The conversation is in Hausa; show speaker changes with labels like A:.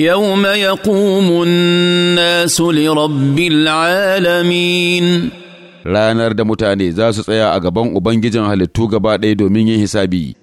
A: يوم يقوم الناس لرب العالمين ranar da mutane za su tsaya a gaban Ubangijin halittu gaba ɗaya domin yin
B: hisabi.